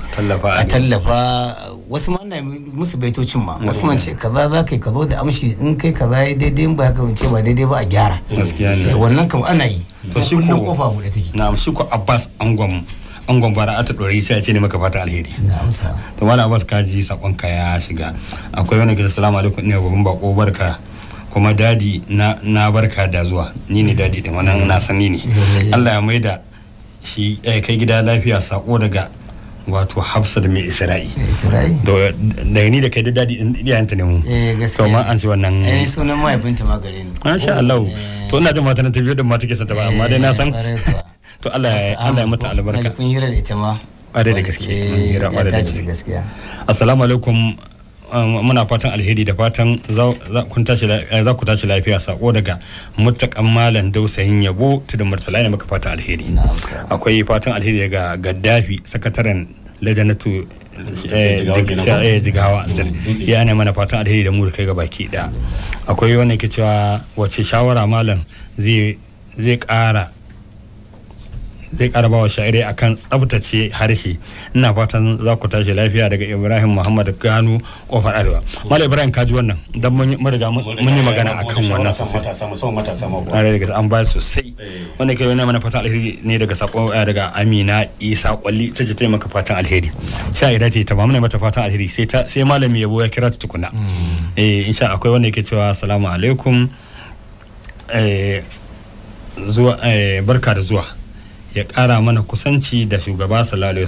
a tallafa wasu ma na musu baitocin ma wasu man ce mm. kaza za kai ka zo da amshi in kai kaza ya daidai ba ka wance ba daidai ba a gyara wannan kam ana yi to shi ko kofa na'am shi ko Abbas angon an gwambara a ɗore sai a ce ne maka fata alheri to mala abbas ka ji sakon ka ya shiga akwai wani ke salamu alaikum ne gwabin bako barka kuma dadi na barka da zuwa ni ne dadi da wannan na sani ne Allah ya maida shi eh, kai gida lafiya sako daga wato hafsat mai isra'i daga ni da kai da dadi ta ne mu eh, to ma an ci wannan eh sunan mahaifinta ma gare ni masha Allah eh. to ina jin mata na tafiyo da mata ke sata ba amma dai na san to Allah ya mata albarka kun yi rar ita ma ƙwarai da gaske hira ƙwarai da gaske assalamu alaikum um, muna fatan alheri da fatan za eh, ku tashi lafiya sako daga mutakan malam dausayin yabo da murtala ne maka fatan alheri akwai fatan alheri daga gaddafi sakataren lajanatu eh, jigawa asir eh, ya ne mana fatan alheri da mu da kai ga baki da akwai wani ke cewa wace shawara malam zai kara zai ƙara shairai sha'ire kan tsabtace harshe ina fatan za ku tashi lafiya daga ibrahim muhammad gano kofar arewa malam ibrahim kaji wannan dan mun mun yi magana a kan wannan sosai an ba sosai eh. wanda ke wani mana fatan alheri ne daga sako eh, daga amina isa kwalli ta ce ta maka fatan alheri sha'ira ce ta ba mana mata fatan alheri sai ta sai malami yabo ya kira ta tukuna hmm. eh insha akwai wanda yake cewa salamu alaikum eh, zuwa barka da zuwa ya ƙara mana kusanci da shugaba sallallahu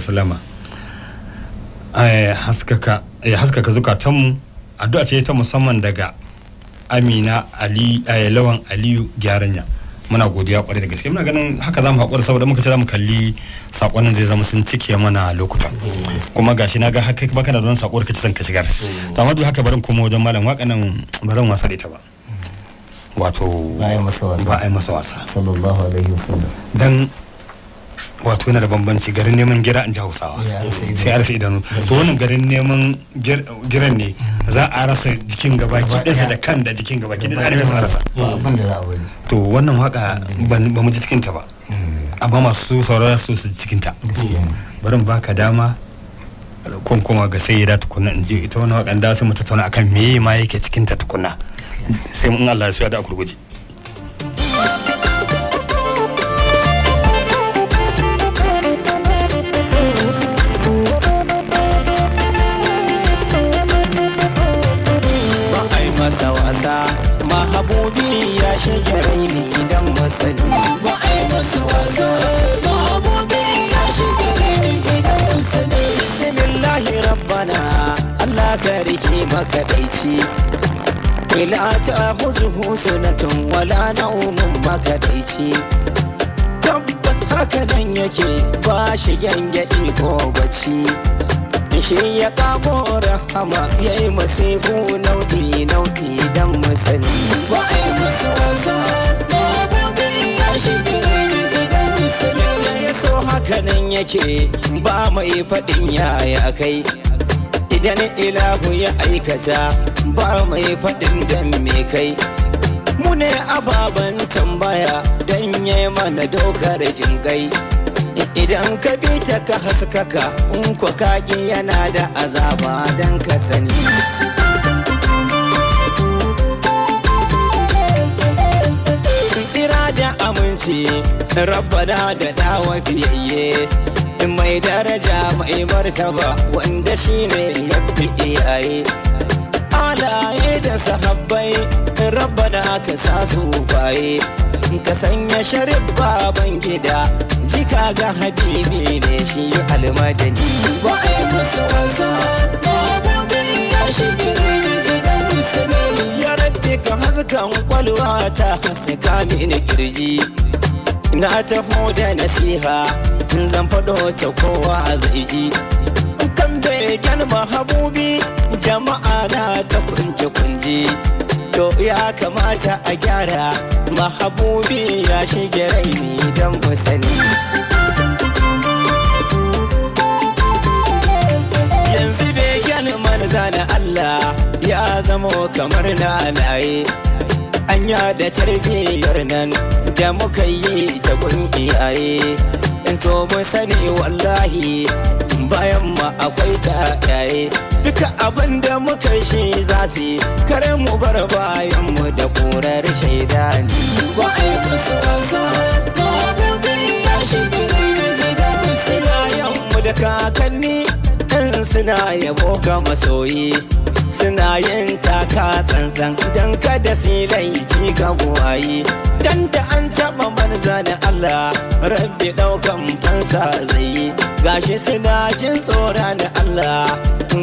alaihi ya haskaka zukatanmu addu'a ce ta musamman daga amina ali lawan aliyu gyaranya muna godiya kwarai da gaske muna ganin haka za mu haƙura saboda muka ce za mu kalli saƙonin zai zama sun cike mana lokuta kuma gashi na ga haka baka da don saƙo da kace son ka shigar to amma duk haka barin kuma wajen malam waka nan barin wasa da ita ba wato ba a yi masa wasa sallallahu alaihi wasallam dan wato yana da bambanci garin neman gira in ji hausawa sai a rasa idanu to wannan garin neman giran ne za a rasa jikin gaba ɗinsa da kan da jikin gaba ɗinsa an rasa rasa to wannan waka ba mu ji cikinta ba hmm. amma masu saurara su su cikinta barin baka dama kwankoma ga sai da tukuna in ji ita wani wakan da sai mu tattauna akan me ma yake cikinta tukuna sai mun Allah ya da a gurguje. makadaici ila ta huzuhu sunatun wala na'umun makadaici tabbas haka nan yake ba shi gyangyaɗi ko bacci shi ya kamo rahama ya yi masifu nau'i nau'i don musani ba a yi masa wasa ya so haka nan yake ba mai faɗin yaya kai idan ilahu ya aikata ba mai faɗin dan me kai mu ne ababen tambaya dan ya mana daukar jingai idan ka bi ta ka haskaka in ko kaki yana da azaba dan ka sani tsira da aminci rabbana da dawa fiye mai daraja mai martaba wanda shine ya fi iyaye alaye da sahabbai da aka sa su faye ka sanya sharif baban gida jika ga habibi ne shi almadani ba a yi musu wasa idan ya haskan kwalwa ta haska mini kirji na taho da nasiha in zan faɗo ta kowa zai ji kan begen mahabubi jama'a na ta kunje kunje to ya kamata a gyara mahabubi ya shige raini don mu sani yanzu begen manzana Allah ya zamo kamar na alaye anya da tarbiyyar nan da muka yi ta gun iyaye to mun sani wallahi bayan ma akwai ta yaye duka abin da muka shi za su kare mu bar bayan mu da kurar shaida ne ba musu za ya mu da kakanni ɗan suna yabo ga masoyi suna yin taka tsantsan don kada su laifi ga gowaye don da an taɓa manza da Allah rabbi ɗaukan fansa zai gashi suna jin tsora da Allah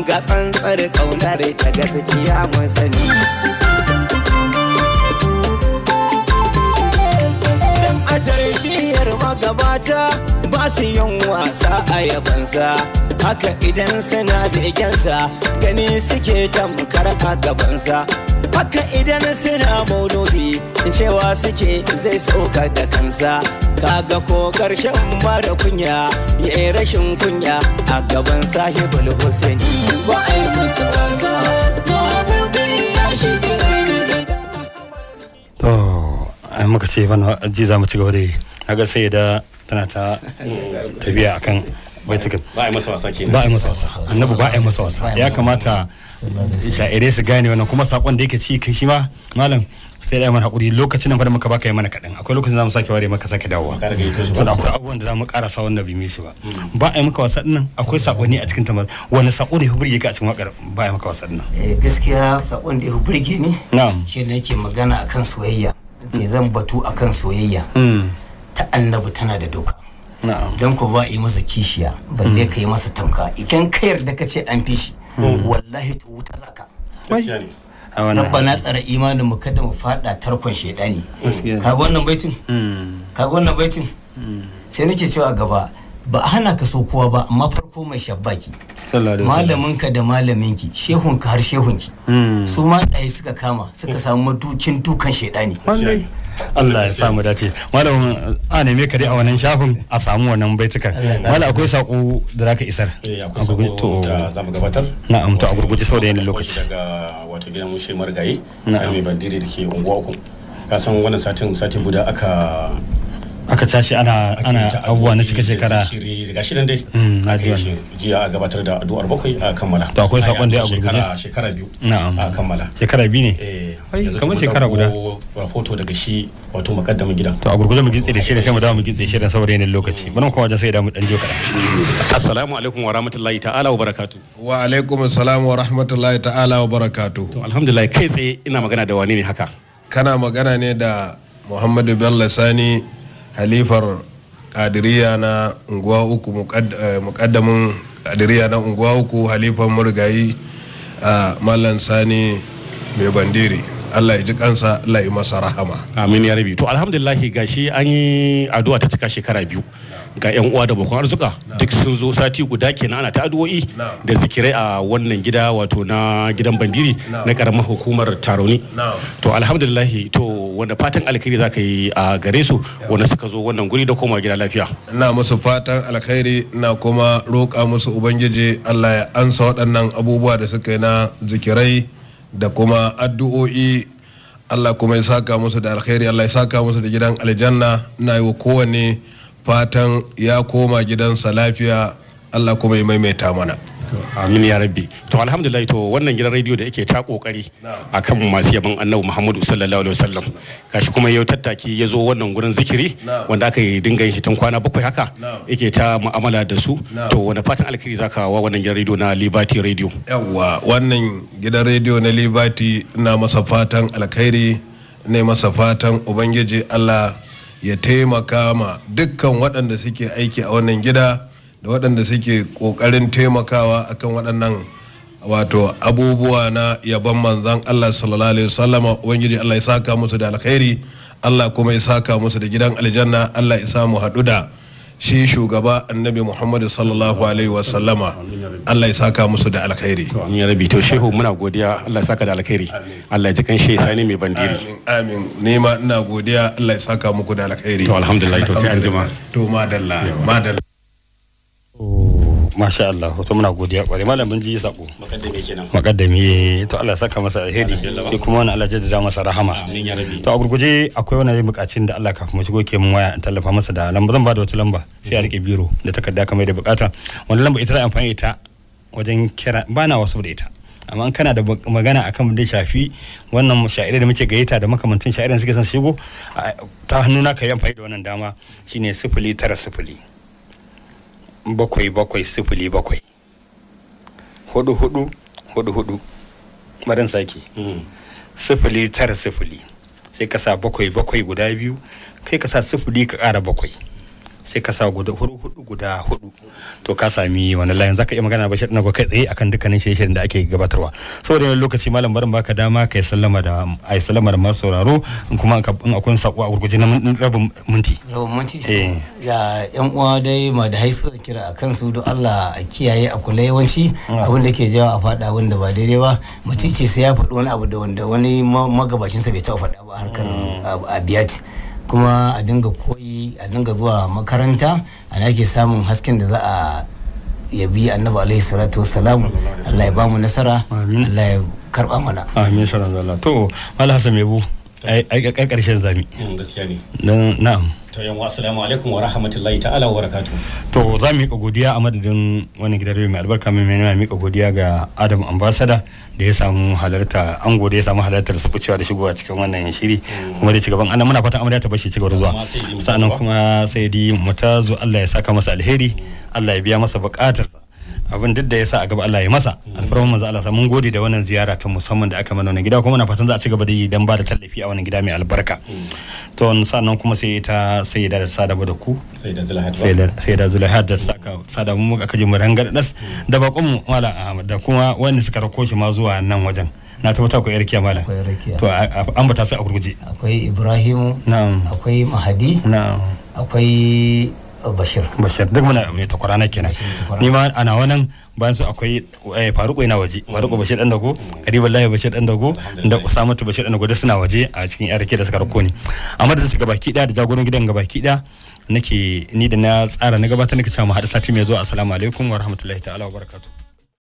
ga tsantsar ƙaunar ta gaskiya mun sani a tarbiyyar magabata ba su yin wasa a yabansa haka idan suna begensa gani suke tamkar a gabansa haka idan suna mauludi cewa suke zai sauka da kansa kaga ko karshen mara kunya ya yi rashin kunya a gaban sahibul husaini ba a yi musu wasa to muka ce bana ji za mu ci gaba da da tana ta tafiya akan baitukan ba a masa wasa kenan ba a masa wasa annabi ba a masa wasa ya kamata sha'ire su gane wannan kuma sakon da yake ci kai shi ma malam sai da mana hakuri lokacin nan fa muka baka yi mana kaɗan akwai lokacin za mu sake ware maka sake dawowa da akwai abubuwan da za mu karasa wanda bi mishi ba ba a yi maka wasa dinnan akwai sakonni a cikin tamar wani sako ne hubirge ka a cikin wakar ba a yi maka wasa dinnan eh, gaskiya sakon da ya hubirge ni na'am shi ne yake magana akan soyayya ce zan batu akan soyayya hmm. ta annabi tana da doka don ku ba yi masa kishiya balle mm. ka yi masa tamka idan ka yarda ka ce an fi shi mm. wallahi to wuta rabba na tsara imanin mu kada mu fada tarkon shaidani kaga wannan baitin mm. kaga wannan baitin sai nake cewa gaba ba a hana ka so kowa ba amma farko mai shabbaki malaminka da malaminki shehunka har shehunki su ma ɗaya suka kama suka samu dukin dukan shaidani Allah ya samu dace malamin a neme ka dai a wannan shafin a samu wannan baitukan malam akwai sako da zaka isar eh, a gurguje to za mu gabatar na'am to a gurguje da yanin lokaci daga wato gidan shi margayi mai bandire dake unguwa ku ka san wannan satin satin guda aka aka tashi ana ana abubuwa na cika shekara ga shirin dai mm, a jiya a gabatar da addu'ar bakwai a kammala to akwai sakon dai a gurgure shekara biyu na'am a kammala shekara biyu ne eh kamar shekara guda foto daga shi wato makaddamin gidan to a gurgure mu gintse da shi da sai mu dawo mu shi da saboda yanayin lokaci bari mu kawo wajen sai da mu dan joka assalamu alaikum wa rahmatullahi ta'ala wa barakatuh wa alaikum assalam wa rahmatullahi ta'ala wa barakatuh to alhamdulillah kai tsaye ina magana da wani ne haka kana magana ne da Muhammadu Bello Sani halifar kadiriya na unguwa uku mukaddamin eh, kadiriya na unguwa uku halifar murgayi a eh, mallan sani mai bandiri allah ya ji kansa allah ya masa rahama amin ya rabi to alhamdulillah gashi an yi addu'a ta cika shekara biyu ga yan uwa da bakon arzuka duk sun zo sati guda kenan ana ta addu'o'i da zikirai a wannan gida wato na gidan bandiri na karamar hukumar taroni to alhamdulillah to wanda fatan alkhairi za ka yi a gare su wanda suka zo wannan guri da koma gida lafiya ina musu fatan alkhairi ina kuma roƙa musu ubangiji Allah ya ansa waɗannan abubuwa da suka yi na zikirai da kuma addu'o'i Allah kuma ya saka musu da alkhairi Allah ya saka musu da gidan aljanna ina yi wa kowanne fatan ya koma gidansa lafiya allah kuma ya maimaita mana amin ya rabbi to alhamdulillah to wannan gidan radio da yake ta kokari akan masu yaban annabi muhammadu sallallahu alaihi wasallam gashi kuma yau tattaki ya zo wannan gurin zikiri wanda aka yi dinga yin shi tun kwana bakwai haka yake ta mu'amala da su to wani fatan alkhairi zaka wa wannan gidan rediyo na liberty radio yawa wannan gidan rediyo na liberty ina masa fatan alkhairi ne masa fatan ubangiji allah ya taimaka ma dukkan waɗanda suke aiki a wannan gida da waɗanda suke ƙoƙarin taimakawa akan waɗannan wato abubuwa na yaban manzan Allah sallallahu alaihi wasallama ubangiji Allah ya saka musu da alkhairi Allah kuma ya saka musu da gidan aljanna Allah ya samu haɗu da shi shugaba annabi muhammadu sallallahu alaihi wasallama allah ya saka musu da alkhairi amin ya rabi to shehu muna godiya allah ya saka da alkhairi allah ya ji kan shi sani mai bandiri amin ni ma ina godiya allah ya saka muku da alkhairi to alhamdulillah to sai an jima to madalla madalla masha Allah to muna godiya kware malam bin ji sako makaddami kenan makaddami eh, to Allah saka masa alheri sai kuma wannan Allah jaddada masa rahama amin ya rabbi to a gurguje akwai wani zai bukacin da Allah kafin mu shigo ke mun waya in tallafa masa da lamba zan ba da wata lamba sai a rike biro da takarda kamar da bukata wannan lamba ita za a amfani ita wajen kira bana wasu da ita amma kana da magana akan da shafi wannan sha'irai da muke gayyata da makamantan sha'irin suke son shigo ta hannuna ka yi amfani da wannan dama shine sifili tara sifili bakwai bakwai sifili bakwai hudu hudu hudu hudu marin sake hmm. sifili tara sifili sai ka sa bakwai bakwai guda biyu kai ka sifili ka ƙara bakwai sai ka sa guda huru hudu guda hudu to ka sami wani layin zaka iya magana bashir na kai tsaye akan dukkanin shirye-shiryen da ake gabatarwa saboda wani lokaci malam barin baka dama kai sallama da ai sallama da masu sauraro in kuma in akwai sako a gurguje na rabin minti minti eh. ya yan uwa dai ma da haisu da kira akan su don Allah a kiyaye a kula yawanci mm. abin da ke jawo a faɗa wanda ba daidai ba mutum ce sai ya faɗi wani abu da wanda wani magabacin sa bai taɓa faɗa ba harkar mm. abiyati kuma a dinga koyi a dinga zuwa makaranta ana ke samun hasken da za a bi annabi alaihi salatu wassalam Allah ya bamu nasara Allah ya karba mana amin sallallahu to mal hasan yabo ai karshen zami mm, gaskiya ne na'am to yan assalamu alaikum wa rahmatullahi ta'ala wa barakatuh to za mu godiya a madadin wani gidan mai albarka mai mai ka godiya ga Adam ambassador da ya samu halarta an gode ya samu halartar su ficewa da shigowa cikin wannan shiri mm. kuma da cigaban ana muna fatan amarya ta bashi gaba zuwa sannan kuma sai di mutazu Allah ya saka masa alheri Allah ya biya masa bukatar abin duk da ya sa a gaba Allah ya masa alfarman manzo Allah mun gode da wannan ziyara ta musamman da aka mana wannan gida kuma na fatan za a ci gaba da yi dan ba da tallafi a wannan gida mai albarka to sannan kuma sai ita sayyida da sada da ku sayyida zulaiha da saka sada mu aka ji mu rangar das da bakon mu mala Ahmad da kuma wani suka rako shi ma zuwa nan wajen na tabbata akwai yarkiya mala to an bata sai a gurguje akwai Ibrahimu na'am akwai Mahadi na'am akwai bashir bashir duk muna mai takwara na kenan ni ma ana wannan bayan su akwai eh, faruku yana waje faruku bashir dan dago garibin lahi bashir dan dago da usamatu bashir dan dago da suna waje a cikin yar da suka rako ni amma da suka baki da jagoran gidan gabaki da nake ni da na tsara na gabatar nake cewa mu haɗu sati mai zuwa assalamu alaikum wa rahmatullahi ta'ala wa barakatuh